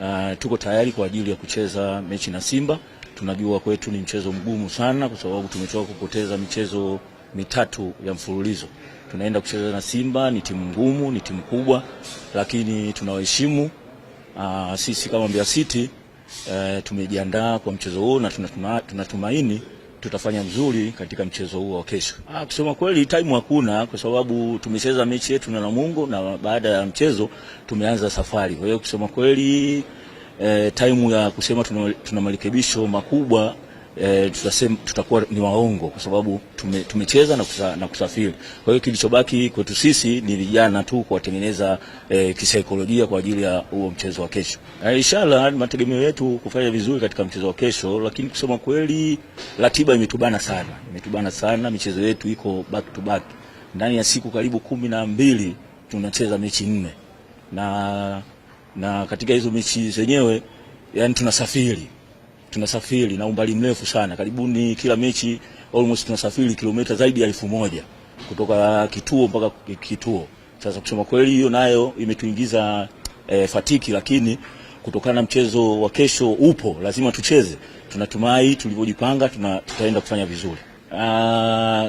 Uh, tuko tayari kwa ajili ya kucheza mechi na Simba. Tunajua kwetu ni mchezo mgumu sana, kwa sababu tumetoka kupoteza michezo mitatu ya mfululizo. Tunaenda kucheza na Simba, ni timu ngumu, ni timu kubwa, lakini tunawaheshimu. Uh, sisi kama Mbeya City uh, tumejiandaa kwa mchezo huo na tunatumaini tutafanya mzuri katika mchezo huo wa kesho. Ah, kusema kweli time hakuna kwa sababu tumecheza mechi yetu na Namungo na baada ya mchezo tumeanza safari. Kwa hiyo kusema kweli eh, time ya kusema tuna, tuna marekebisho makubwa e, tutasema tutakuwa ni waongo kwa sababu tume, tumecheza na, kusa, na kusafiri. Kwa hiyo kilichobaki kwetu sisi ni vijana tu kuwatengeneza e, kisaikolojia kwa ajili ya huo mchezo wa kesho. E, inshallah mategemeo yetu kufanya vizuri katika mchezo wa kesho, lakini kusema kweli ratiba imetubana sana, imetubana sana. Michezo yetu iko back to back, ndani ya siku karibu kumi na mbili tunacheza mechi nne na, na katika hizo mechi zenyewe yani tunasafiri tunasafiri na umbali mrefu sana, karibuni kila mechi almost tunasafiri kilomita zaidi ya elfu moja kutoka kituo mpaka kituo. Sasa kusema kweli, hiyo nayo imetuingiza e, fatiki, lakini kutokana na mchezo wa kesho upo, lazima tucheze. Tunatumai tulivyojipanga tuna, tutaenda kufanya vizuri. Ah,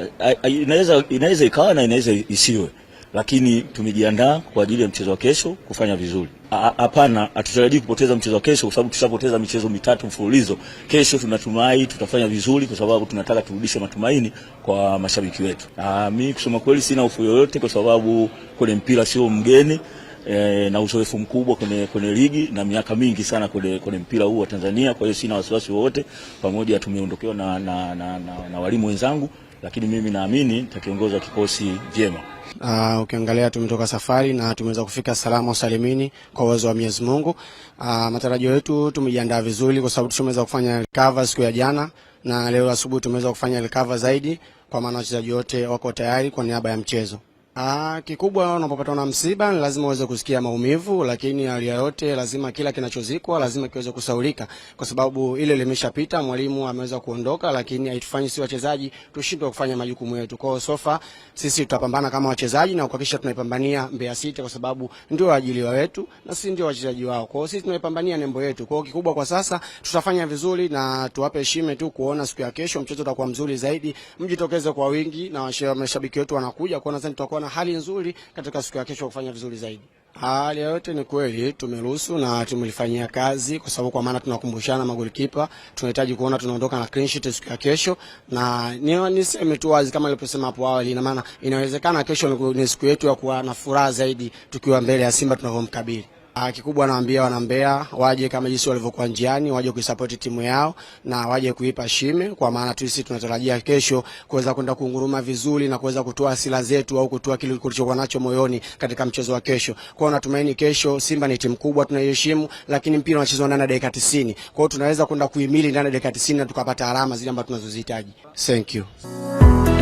inaweza ikawa na inaweza isiwe lakini tumejiandaa kwa ajili ya mchezo wa kesho kufanya vizuri. Hapana, hatutarajii kupoteza mchezo wa kesho, kwa sababu tushapoteza michezo mitatu mfululizo. Kesho tunatumai tutafanya vizuri, kwa sababu tunataka turudishe matumaini kwa mashabiki wetu. Mimi kusema kweli, sina hofu yoyote, kwa sababu kwenye mpira sio mgeni E, na uzoefu mkubwa kwenye, kwenye ligi na miaka mingi sana kwenye, kwenye mpira huu wa Tanzania. Kwa hiyo sina wasiwasi wowote, pamoja tumeondokewa na, na, na, na, na walimu wenzangu lakini mimi naamini nitakiongoza kikosi vyema. Uh, ukiangalia tumetoka safari na tumeweza kufika salama usalimini kwa uwezo wa Mwenyezi Mungu. Uh, matarajio yetu tumejiandaa vizuri kwa sababu tumeweza kufanya recover siku ya jana na leo asubuhi tumeweza kufanya recover zaidi, kwa maana wachezaji wote wako tayari kwa niaba ya mchezo. Ah, kikubwa unapopatwa na msiba ni lazima uweze kusikia maumivu, lakini hali yote lazima kila kinachozikwa lazima kiweze kusaulika, kwa sababu ile limeshapita, mwalimu ameweza kuondoka, lakini haitufanyi si wachezaji tushindwe kufanya majukumu yetu. Kwa hiyo sofa sisi tutapambana kama wachezaji na kuhakikisha tunaipambania Mbeya City, kwa sababu ndio waajiliwa wetu na sisi ndio wachezaji wao. Kwa hiyo sisi tunaipambania nembo yetu. Kwa hiyo kikubwa kwa sasa tutafanya vizuri na tuwape heshima tu, kuona siku ya kesho mchezo utakuwa mzuri zaidi. Mjitokeze kwa wingi na mashabiki wetu wanakuja kuona sasa tutakuwa na hali nzuri katika siku ya kesho kufanya vizuri zaidi. Hali yote ni kweli tumeruhusu na tumelifanyia kazi kwa sababu kwa maana tunakumbushana magolikipa, tunahitaji kuona tunaondoka na clean sheet siku ya kesho, na niseme tu wazi kama nilivyosema hapo awali, ina maana inawezekana kesho ni siku yetu ya kuwa na furaha zaidi tukiwa mbele ya Simba tunavyomkabili. Ah, kikubwa naambia wanambea waje kama jinsi walivyokuwa njiani, waje kuisapoti timu yao na waje kuipa shime, kwa maana sisi tunatarajia kesho kuweza kwenda kunguruma vizuri na kuweza kutoa asila zetu au kutoa kile kilichokuwa nacho moyoni katika mchezo wa kesho. Kwao natumaini kesho, Simba ni timu kubwa tunaiheshimu, lakini mpira unachezwa ndani ya dakika 90. hiyo tunaweza kwenda kuhimili ndani ya dakika 90 na tukapata alama zile ambazo tunazozihitaji. Thank you.